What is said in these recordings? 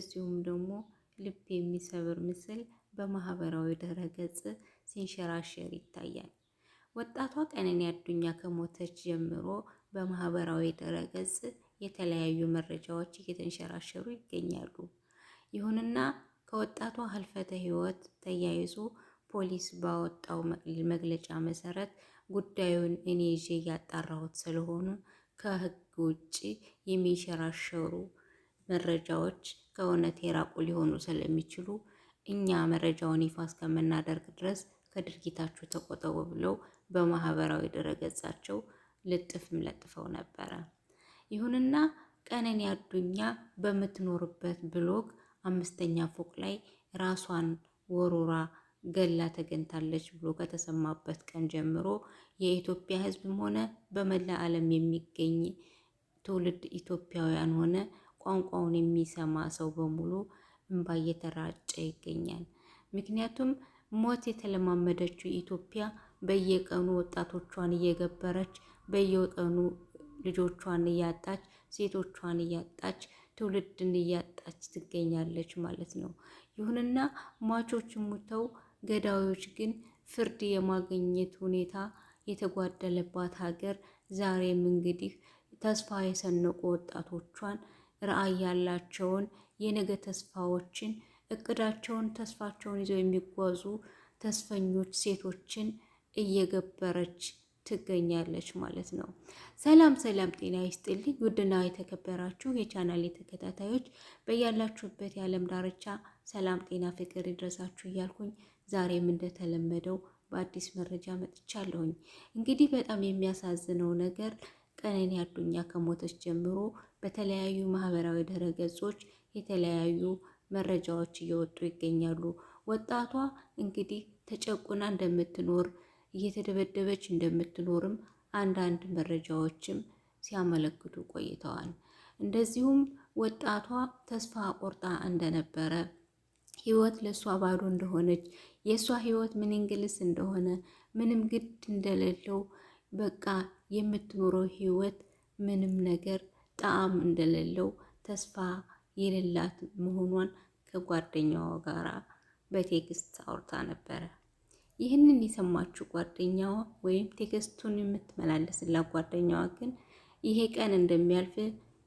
እንደዚሁም ደግሞ ልብ የሚሰብር ምስል በማህበራዊ ድረገጽ ሲንሸራሸር ይታያል። ወጣቷ ቀነኒ አዱኛ ከሞተች ጀምሮ በማህበራዊ ድረገጽ የተለያዩ መረጃዎች እየተንሸራሸሩ ይገኛሉ። ይሁንና ከወጣቷ ህልፈተ ህይወት ተያይዞ ፖሊስ ባወጣው መግለጫ መሰረት ጉዳዩን እኔ ይዤ እያጣራሁት ስለሆኑ ከህግ ውጭ የሚንሸራሸሩ መረጃዎች ሰውነት የራቁ ሊሆኑ ስለሚችሉ እኛ መረጃውን ይፋ እስከምናደርግ ድረስ ከድርጊታችሁ ተቆጠቡ ብለው በማህበራዊ ድረገጻቸው ልጥፍም ለጥፈው ነበረ። ይሁንና ቀነኒ አዱኛ በምትኖርበት ብሎግ አምስተኛ ፎቅ ላይ ራሷን ወሮራ ገላ ተገኝታለች ብሎ ከተሰማበት ቀን ጀምሮ የኢትዮጵያ ሕዝብም ሆነ በመላ ዓለም የሚገኝ ትውልድ ኢትዮጵያውያን ሆነ ቋንቋውን የሚሰማ ሰው በሙሉ እንባ እየተራጨ ይገኛል። ምክንያቱም ሞት የተለማመደችው ኢትዮጵያ በየቀኑ ወጣቶቿን እየገበረች፣ በየቀኑ ልጆቿን እያጣች፣ ሴቶቿን እያጣች፣ ትውልድን እያጣች ትገኛለች ማለት ነው። ይሁንና ሟቾች ሙተው ገዳዮች ግን ፍርድ የማግኘት ሁኔታ የተጓደለባት ሀገር ዛሬም እንግዲህ ተስፋ የሰነቁ ወጣቶቿን ራዕይ ያላቸውን የነገ ተስፋዎችን እቅዳቸውን ተስፋቸውን ይዘው የሚጓዙ ተስፈኞች ሴቶችን እየገበረች ትገኛለች ማለት ነው። ሰላም ሰላም፣ ጤና ይስጥልኝ ውድና የተከበራችሁ የቻናል ተከታታዮች በያላችሁበት የዓለም ዳርቻ ሰላም፣ ጤና፣ ፍቅር ይድረሳችሁ እያልኩኝ ዛሬም እንደተለመደው በአዲስ መረጃ መጥቻለሁኝ። እንግዲህ በጣም የሚያሳዝነው ነገር ቀነኒ አዱኛ ከሞተች ጀምሮ በተለያዩ ማህበራዊ ድረገጾች የተለያዩ መረጃዎች እየወጡ ይገኛሉ። ወጣቷ እንግዲህ ተጨቁና እንደምትኖር እየተደበደበች እንደምትኖርም አንዳንድ መረጃዎችም ሲያመለክቱ ቆይተዋል። እንደዚሁም ወጣቷ ተስፋ ቆርጣ እንደነበረ ህይወት ለእሷ ባዶ እንደሆነች የእሷ ህይወት ምን እንግልስ እንደሆነ ምንም ግድ እንደሌለው በቃ የምትኖረው ህይወት ምንም ነገር ጣዕም እንደሌለው ተስፋ የሌላት መሆኗን ከጓደኛዋ ጋር በቴክስት አውርታ ነበረ። ይህንን የሰማችው ጓደኛዋ ወይም ቴክስቱን የምትመላለስላት ጓደኛዋ ግን ይሄ ቀን እንደሚያልፍ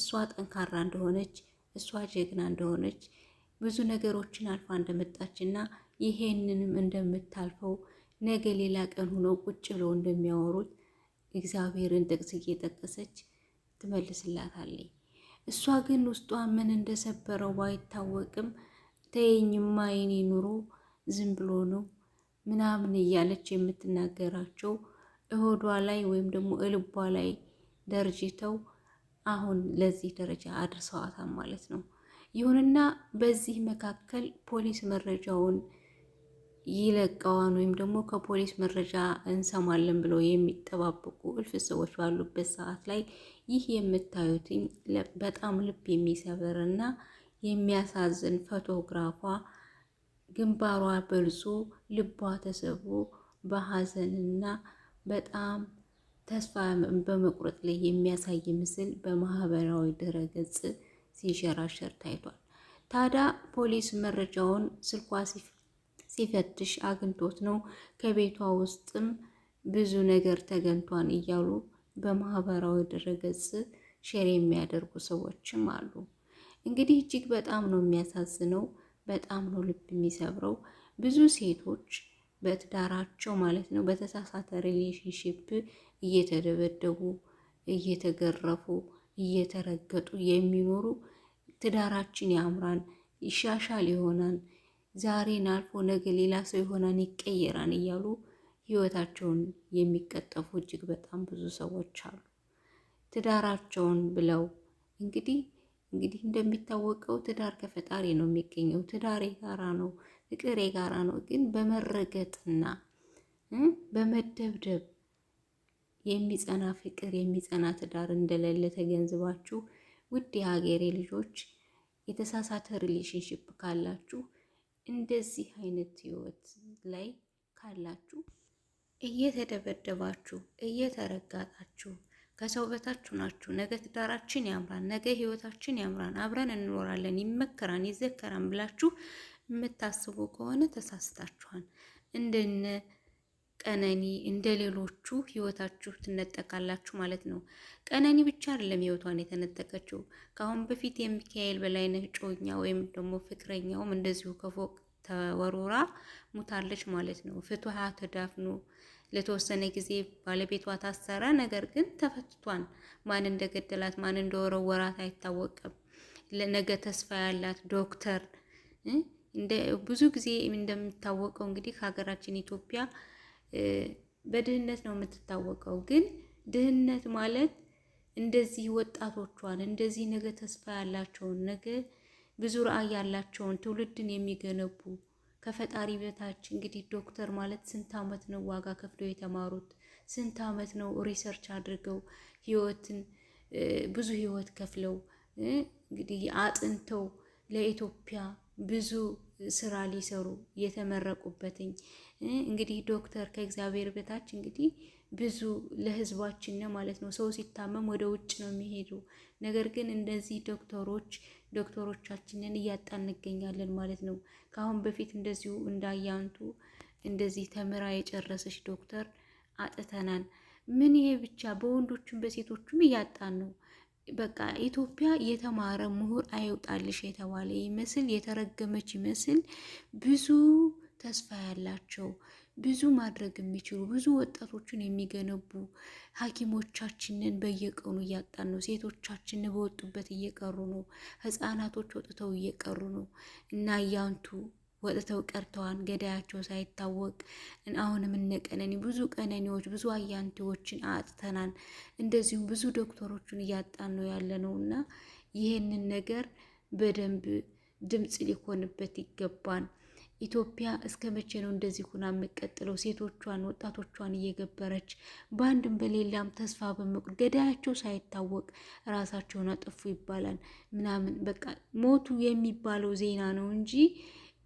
እሷ ጠንካራ እንደሆነች እሷ ጀግና እንደሆነች ብዙ ነገሮችን አልፋ እንደመጣች እና ይሄንንም እንደምታልፈው ነገ ሌላ ቀን ሆኖ ቁጭ ብለው እንደሚያወሩት እግዚአብሔርን ጥቅስ እየጠቀሰች ትመልስላታለች። እሷ ግን ውስጧ ምን እንደሰበረው ባይታወቅም ተይኝማ የኔ ኑሮ ዝም ብሎ ነው ምናምን እያለች የምትናገራቸው እሆዷ ላይ ወይም ደግሞ እልቧ ላይ ደርጅተው አሁን ለዚህ ደረጃ አድርሰዋታል ማለት ነው። ይሁንና በዚህ መካከል ፖሊስ መረጃውን ይለቀዋን ወይም ደግሞ ከፖሊስ መረጃ እንሰማለን ብለው የሚጠባበቁ እልፍ ሰዎች ባሉበት ሰዓት ላይ ይህ የምታዩትኝ በጣም ልብ የሚሰብር እና የሚያሳዝን ፎቶግራፏ ግንባሯ በልጾ ልቧ ተሰብሮ በሀዘንና በጣም ተስፋ በመቁረጥ ላይ የሚያሳይ ምስል በማህበራዊ ድረገጽ ሲንሸራሸር ታይቷል። ታዲያ ፖሊስ መረጃውን ስልኳ ሲፈትሽ አግኝቶት ነው። ከቤቷ ውስጥም ብዙ ነገር ተገንቷን እያሉ በማህበራዊ ድረገጽ ሼር የሚያደርጉ ሰዎችም አሉ። እንግዲህ እጅግ በጣም ነው የሚያሳዝነው፣ በጣም ነው ልብ የሚሰብረው። ብዙ ሴቶች በትዳራቸው ማለት ነው በተሳሳተ ሪሌሽንሽፕ እየተደበደቡ እየተገረፉ እየተረገጡ የሚኖሩ ትዳራችን ያምራን ይሻሻል ይሆናል ዛሬን አልፎ ነገ ሌላ ሰው የሆነን ይቀየራን እያሉ ህይወታቸውን የሚቀጠፉ እጅግ በጣም ብዙ ሰዎች አሉ። ትዳራቸውን ብለው እንግዲህ እንግዲህ እንደሚታወቀው ትዳር ከፈጣሪ ነው የሚገኘው። ትዳር የጋራ ነው፣ ፍቅር የጋራ ነው። ግን በመረገጥና በመደብደብ የሚጸና ፍቅር የሚጸና ትዳር እንደሌለ ተገንዝባችሁ ውድ የሀገሬ ልጆች የተሳሳተ ሪሌሽንሽፕ ካላችሁ እንደዚህ አይነት ህይወት ላይ ካላችሁ እየተደበደባችሁ እየተረጋጣችሁ ከሰው በታችሁ ናችሁ። ነገ ትዳራችን ያምራን፣ ነገ ህይወታችን ያምራን፣ አብረን እንኖራለን፣ ይመከራን፣ ይዘከራን ብላችሁ የምታስቡ ከሆነ ተሳስታችኋል። እንደነ ቀነኒ እንደ ሌሎቹ ህይወታችሁ ትነጠቃላችሁ ማለት ነው። ቀነኒ ብቻ አይደለም ህይወቷን የተነጠቀችው። ከአሁን በፊት የሚካኤል በላይነህ ጮኛ ወይም ደግሞ ፍቅረኛውም እንደዚሁ ከፎቅ ተወርውራ ሙታለች ማለት ነው። ፍትሃ ተዳፍኖ ለተወሰነ ጊዜ ባለቤቷ ታሰረ። ነገር ግን ተፈትቷን ማን እንደገደላት ማን እንደወረወራት አይታወቅም። ለነገ ተስፋ ያላት ዶክተር ብዙ ጊዜ እንደሚታወቀው እንግዲህ ከሀገራችን ኢትዮጵያ በድህነት ነው የምትታወቀው። ግን ድህነት ማለት እንደዚህ ወጣቶቿን እንደዚህ ነገ ተስፋ ያላቸውን ነገ ብዙ ራዕይ ያላቸውን ትውልድን የሚገነቡ ከፈጣሪ በታች እንግዲህ ዶክተር ማለት ስንት ዓመት ነው ዋጋ ከፍለው የተማሩት? ስንት ዓመት ነው ሪሰርች አድርገው ህይወትን ብዙ ህይወት ከፍለው እንግዲህ አጥንተው ለኢትዮጵያ ብዙ ስራ ሊሰሩ የተመረቁበትኝ እንግዲህ ዶክተር ከእግዚአብሔር በታች እንግዲህ ብዙ ለህዝባችን ነው ማለት ነው። ሰው ሲታመም ወደ ውጭ ነው የሚሄዱ። ነገር ግን እንደዚህ ዶክተሮች ዶክተሮቻችንን እያጣን እንገኛለን ማለት ነው። ከአሁን በፊት እንደዚሁ እንዳያንቱ እንደዚህ ተምራ የጨረሰች ዶክተር አጥተናል። ምን ይሄ ብቻ በወንዶችም በሴቶችም እያጣን ነው። በቃ ኢትዮጵያ የተማረ ምሁር አይውጣልሽ የተባለ ይመስል የተረገመች ይመስል ብዙ ተስፋ ያላቸው ብዙ ማድረግ የሚችሉ ብዙ ወጣቶችን የሚገነቡ ሐኪሞቻችንን በየቀኑ እያጣን ነው። ሴቶቻችን በወጡበት እየቀሩ ነው። ሕፃናቶች ወጥተው እየቀሩ ነው እና ያንቱ ወጥተው ቀርተዋን ገዳያቸው ሳይታወቅ አሁንም እነ ቀነኒ ብዙ ቀነኒዎች ብዙ አያንቲዎችን አጥተናል። እንደዚሁም ብዙ ዶክተሮችን እያጣን ነው ያለ ነው እና ይህንን ነገር በደንብ ድምፅ ሊሆንበት ይገባል። ኢትዮጵያ እስከ መቼ ነው እንደዚህ ሁና የምቀጥለው? ሴቶቿን ወጣቶቿን እየገበረች በአንድም በሌላም ተስፋ በመቁ ገዳያቸው ሳይታወቅ ራሳቸውን አጠፉ ይባላል ምናምን በቃ ሞቱ የሚባለው ዜና ነው እንጂ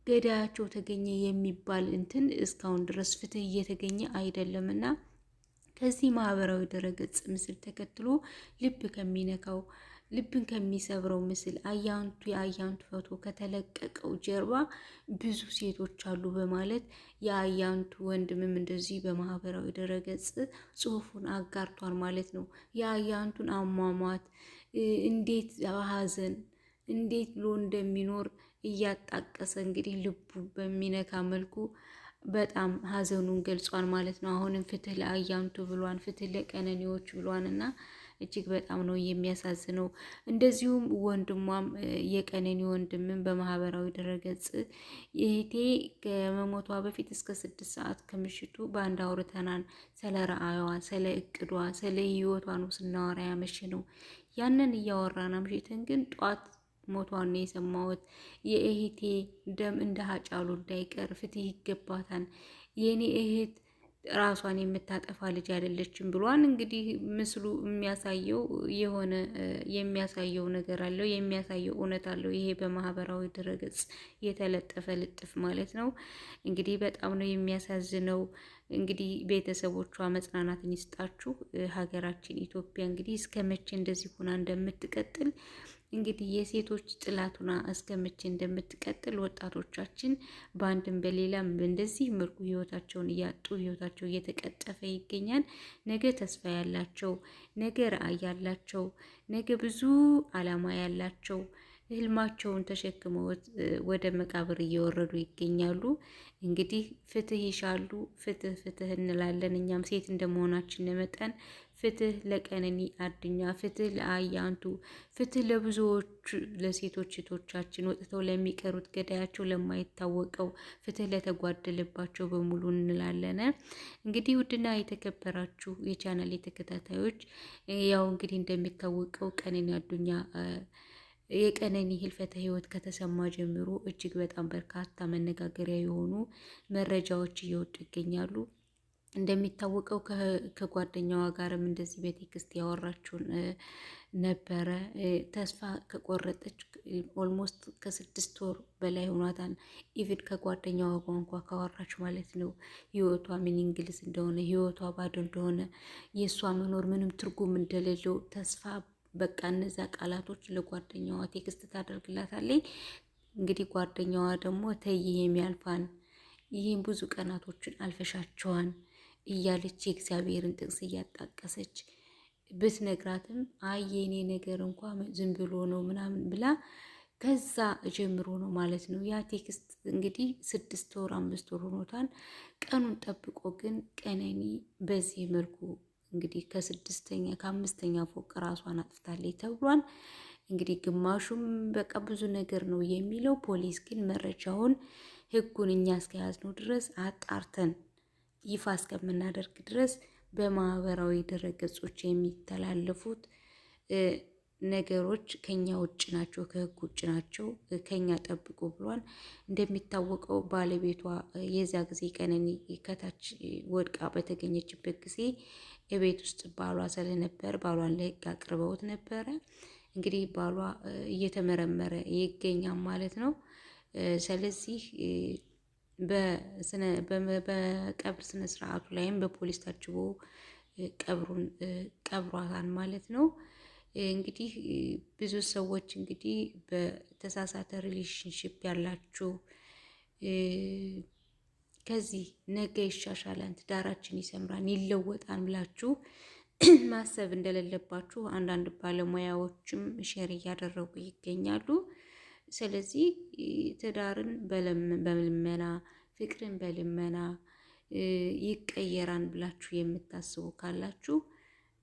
ገዳያቸው ተገኘ የሚባል እንትን እስካሁን ድረስ ፍትህ እየተገኘ እና ከዚህ ማህበራዊ ድረገጽ ምስል ተከትሎ ልብ ከሚነካው ልብን ከሚሰብረው ምስል አያንቱ የአያንቱ ፎቶ ከተለቀቀው ጀርባ ብዙ ሴቶች አሉ በማለት የአያንቱ ወንድምም እንደዚህ በማህበራዊ ድረገጽ ጽሁፉን አጋርቷል ማለት ነው። የአያንቱን አሟሟት እንዴት ሀዘን እንዴት ብሎ እንደሚኖር እያጣቀሰ እንግዲህ ልቡ በሚነካ መልኩ በጣም ሀዘኑን ገልጿል ማለት ነው። አሁንም ፍትህ ለአያንቱ ብሏን፣ ፍትህ ለቀነኔዎች ብሏን እና እጅግ በጣም ነው የሚያሳዝነው። እንደዚሁም ወንድሟም የቀነኒ ወንድምን በማህበራዊ ድረገጽ ይህቴ ከመሞቷ በፊት እስከ ስድስት ሰዓት ከምሽቱ በአንድ አውርተናን፣ ስለ ረአዩዋ፣ ስለ እቅዷ፣ ስለ ህይወቷ ነው ስናወራ ያመሽ ነው። ያንን እያወራን አምሽተን ግን ጠዋት ሞቷን ነው የሰማሁት። የእህቴ ደም እንደ ሀጫሉ እንዳይቀር ፍትህ ይገባታል። የእኔ እህት ራሷን የምታጠፋ ልጅ አይደለችም ብሏን። እንግዲህ ምስሉ የሚያሳየው የሆነ የሚያሳየው ነገር አለው፣ የሚያሳየው እውነት አለው። ይሄ በማህበራዊ ድረገጽ የተለጠፈ ልጥፍ ማለት ነው። እንግዲህ በጣም ነው የሚያሳዝነው። እንግዲህ ቤተሰቦቿ መጽናናትን ይስጣችሁ። ሀገራችን ኢትዮጵያ እንግዲህ እስከ መቼ እንደዚህ ሆና እንደምትቀጥል እንግዲህ የሴቶች ጥላቱና እስከምች እንደምትቀጥል ወጣቶቻችን በአንድም በሌላም እንደዚህ ምርቁ ህይወታቸውን እያጡ ህይወታቸው እየተቀጠፈ ይገኛል። ነገ ተስፋ ያላቸው፣ ነገ ራዕይ ያላቸው፣ ነገ ብዙ አላማ ያላቸው ህልማቸውን ተሸክመው ወደ መቃብር እየወረዱ ይገኛሉ። እንግዲህ ፍትህ ይሻሉ። ፍትህ ፍትህ እንላለን። እኛም ሴት እንደመሆናችን መጠን ፍትህ ለቀነኒ አድኛ፣ ፍትህ ለአያንቱ፣ ፍትህ ለብዙዎቹ ለሴቶች እህቶቻችን ወጥተው ለሚቀሩት ገዳያቸው ለማይታወቀው ፍትህ ለተጓደለባቸው በሙሉ እንላለን። እንግዲህ ውድና የተከበራችሁ የቻናል ተከታታዮች ያው እንግዲህ እንደሚታወቀው ቀነኒ አዱኛ የቀነኒ ህልፈተ ህይወት ከተሰማ ጀምሮ እጅግ በጣም በርካታ መነጋገሪያ የሆኑ መረጃዎች እየወጡ ይገኛሉ። እንደሚታወቀው ከጓደኛዋ ጋርም እንደዚህ በቴክስት ያወራችውን ነበረ። ተስፋ ከቆረጠች ኦልሞስት ከስድስት ወር በላይ ሆኗታል። ኢቭን ከጓደኛዋ ቋንቋ ካወራች ማለት ነው ህይወቷ ምን እንግሊዝ እንደሆነ ህይወቷ ባዶ እንደሆነ የእሷ መኖር ምንም ትርጉም እንደሌለው ተስፋ በቃ እነዚያ ቃላቶች ለጓደኛዋ ቴክስት ታደርግላታለች። እንግዲህ ጓደኛዋ ደግሞ ተይ የሚያልፋን ይህም ብዙ ቀናቶችን አልፈሻቸዋን እያለች የእግዚአብሔርን ጥቅስ እያጣቀሰች ብትነግራትም አይ የኔ ነገር እንኳ ዝም ብሎ ነው ምናምን ብላ ከዛ ጀምሮ ነው ማለት ነው። ያ ቴክስት እንግዲህ ስድስት ወር አምስት ወር ሆኖታል። ቀኑን ጠብቆ ግን ቀነኒ በዚህ መልኩ እንግዲህ ከስድስተኛ ከአምስተኛ ፎቅ ራሷን አጥፍታለች ተብሏል። እንግዲህ ግማሹም በቃ ብዙ ነገር ነው የሚለው ፖሊስ ግን መረጃውን ህጉን እኛ እስከያዝነው ድረስ አጣርተን ይፋ እስከምናደርግ ድረስ በማህበራዊ ድረገጾች የሚተላለፉት ነገሮች ከኛ ውጭ ናቸው፣ ከህግ ውጭ ናቸው፣ ከኛ ጠብቁ ብሏል። እንደሚታወቀው ባለቤቷ የዛ ጊዜ ቀነኒ ከታች ወድቃ በተገኘችበት ጊዜ የቤት ውስጥ ባሏ ስለነበር ባሏን ለህግ አቅርበውት ነበረ። እንግዲህ ባሏ እየተመረመረ ይገኛል ማለት ነው። ስለዚህ በቀብር ስነ ስርዓቱ ላይም በፖሊስ ታጅቦ ቀብሩን ቀብሯታል ማለት ነው። እንግዲህ ብዙ ሰዎች እንግዲህ በተሳሳተ ሪሌሽንሽፕ ያላችሁ ከዚህ ነገ ይሻሻላል፣ ትዳራችን ይሰምራል፣ ይለወጣል ብላችሁ ማሰብ እንደሌለባችሁ አንዳንድ ባለሙያዎችም ሼር እያደረጉ ይገኛሉ። ስለዚህ ትዳርን በልመና ፍቅርን በልመና ይቀየራን ብላችሁ የምታስቡ ካላችሁ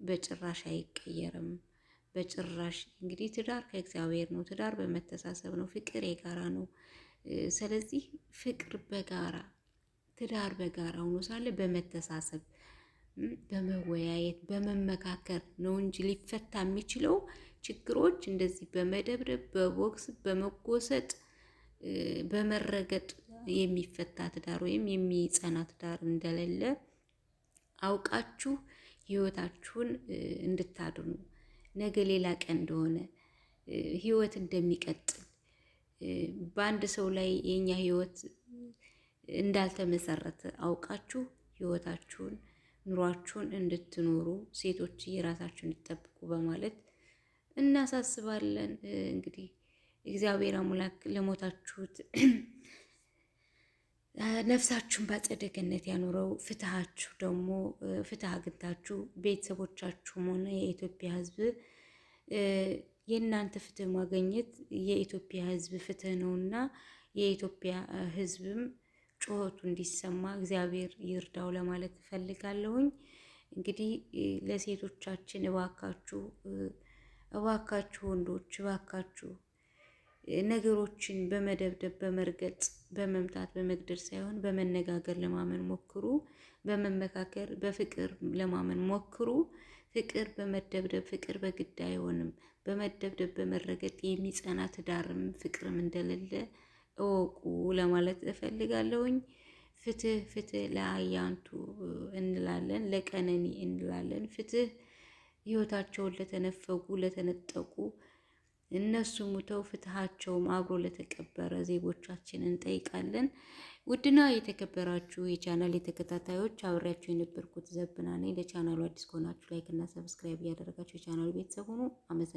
በጭራሽ አይቀየርም። በጭራሽ እንግዲህ ትዳር ከእግዚአብሔር ነው። ትዳር በመተሳሰብ ነው። ፍቅር የጋራ ነው። ስለዚህ ፍቅር በጋራ ትዳር በጋራ ሆኖ ሳለ በመተሳሰብ በመወያየት በመመካከር ነው እንጂ ሊፈታ የሚችለው ችግሮች እንደዚህ በመደብደብ በቦክስ በመጎሰጥ በመረገጥ የሚፈታ ትዳር ወይም የሚጸና ትዳር እንደሌለ አውቃችሁ ህይወታችሁን እንድታድኑ ነገ ሌላ ቀን እንደሆነ ህይወት እንደሚቀጥል በአንድ ሰው ላይ የእኛ ህይወት እንዳልተመሰረተ አውቃችሁ ህይወታችሁን ኑሯችሁን እንድትኖሩ ሴቶች የራሳችሁን እንድትጠብቁ በማለት እናሳስባለን። እንግዲህ እግዚአብሔር አምላክ ለሞታችሁት ነፍሳችሁን በአጸደ ገነት ያኖረው። ፍትሃችሁ ደግሞ ፍትህ አግኝታችሁ ቤተሰቦቻችሁም ሆነ የኢትዮጵያ ሕዝብ የእናንተ ፍትህ ማገኘት የኢትዮጵያ ሕዝብ ፍትህ ነውና የኢትዮጵያ ሕዝብም ጩኸቱ እንዲሰማ እግዚአብሔር ይርዳው ለማለት እፈልጋለሁኝ። እንግዲህ ለሴቶቻችን እባካችሁ እባካችሁ ወንዶች እባካችሁ ነገሮችን በመደብደብ በመርገጥ፣ በመምታት፣ በመግደል ሳይሆን በመነጋገር ለማመን ሞክሩ። በመመካከር በፍቅር ለማመን ሞክሩ። ፍቅር በመደብደብ ፍቅር በግድ አይሆንም። በመደብደብ በመረገጥ የሚጸና ትዳርም ፍቅርም እንደሌለ እወቁ ለማለት እፈልጋለሁኝ። ፍትህ ፍትህ ለአያንቱ እንላለን፣ ለቀነኒ እንላለን። ፍትህ ህይወታቸውን ለተነፈጉ ለተነጠቁ እነሱ ሙተው ፍትሃቸውም አብሮ ለተቀበረ ዜጎቻችን እንጠይቃለን። ውድና የተከበራችሁ የቻናል የተከታታዮች አብሬያችሁ የነበርኩት ዘብና ነኝ። ለቻናሉ አዲስ ከሆናችሁ ላይክ እና ሰብስክራይብ እያደረጋችሁ የቻናሉ ቤተሰብ ሆኖ ። አመሰግናለሁ።